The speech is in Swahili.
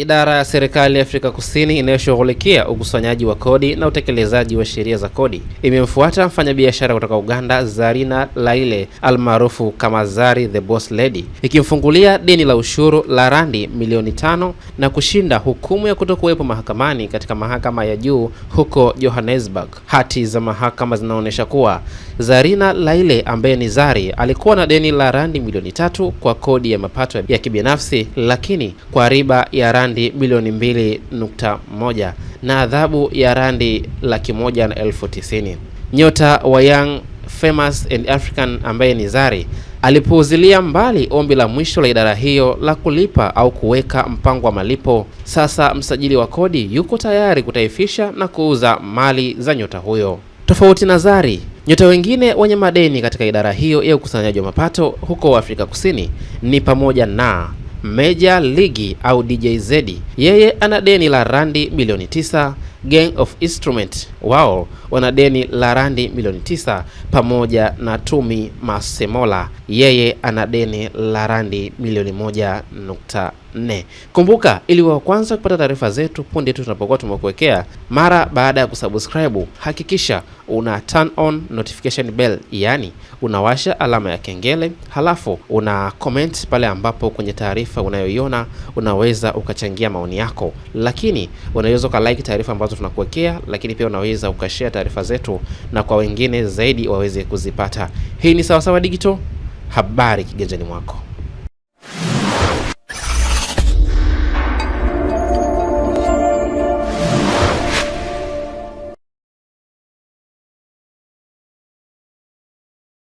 Idara ya serikali ya Afrika Kusini inayoshughulikia ukusanyaji wa kodi na utekelezaji wa sheria za kodi imemfuata mfanyabiashara kutoka Uganda Zarina Laile almaarufu kama Zari the Boss Lady, ikimfungulia deni la ushuru la randi milioni tano na kushinda hukumu ya kutokuwepo mahakamani katika mahakama ya juu huko Johannesburg. Hati za mahakama zinaonyesha kuwa Zarina Laile ambaye ni Zari alikuwa na deni la randi milioni tatu kwa kodi ya mapato ya kibinafsi, lakini kwa riba ya randi randi bilioni 2.1 na adhabu ya randi laki moja na elfu tisini. Nyota wa Young Famous and African ambaye ni Zari alipuuzilia mbali ombi la mwisho la idara hiyo la kulipa au kuweka mpango wa malipo. Sasa msajili wa kodi yuko tayari kutaifisha na kuuza mali za nyota huyo. Tofauti na Zari, nyota wengine wenye madeni katika idara hiyo ya ukusanyaji wa mapato huko Afrika Kusini ni pamoja na Meja Ligi au DJZ yeye ana deni la randi milioni tisa. Gang of Instrument wao wana deni la randi milioni tisa pamoja na Tumi Masemola yeye ana deni la randi milioni moja nukta nne. Kumbuka, ili wa kwanza kupata taarifa zetu punde tu tunapokuwa tumekuwekea mara baada ya kusubscribe, hakikisha una turn on notification bell, yaani unawasha alama ya kengele, halafu una comment pale ambapo kwenye taarifa unayoiona unaweza ukachangia maoni yako, lakini unaweza ukalike taarifa ambazo tunakuwekea, lakini pia unaweza ukashare taarifa zetu na kwa wengine zaidi waweze kuzipata. Hii ni Sawasawa Digital, habari kiganjani mwako.